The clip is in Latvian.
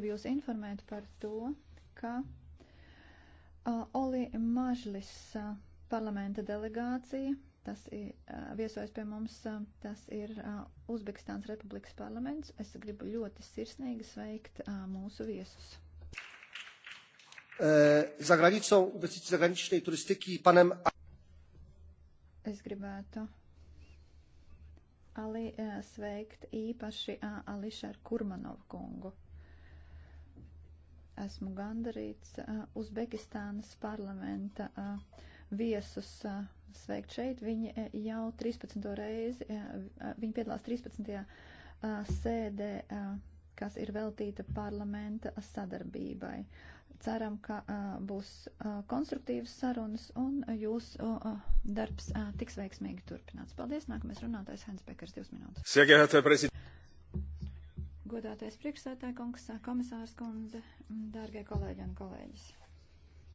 gribu jūs informēt par to, ka uh, Oli Mažlis uh, parlamenta delegācija, tas ir uh, viesojas pie mums, uh, tas ir uh, Uzbekistāns Republikas parlaments. Es gribu ļoti sirsnīgi sveikt uh, mūsu viesus. E, za granicą inwestycji zagranicznej turystyki panem. Es gribētu Ali e, sveikt īpaši Ališaru Kurmanovu kungu esmu gandarīts Uzbekistānas parlamenta viesus sveikt šeit. Viņi jau 13. reizi, viņi piedalās 13. sēdē, kas ir veltīta parlamenta sadarbībai. Ceram, ka būs konstruktīvas sarunas un jūsu darbs tiks veiksmīgi turpināts. Paldies, nākamais runātājs Hens Bekers, divas minūtes. Godātais priekšsētāja kungs, komisārs kundze, dārgie kolēģi un kolēģis.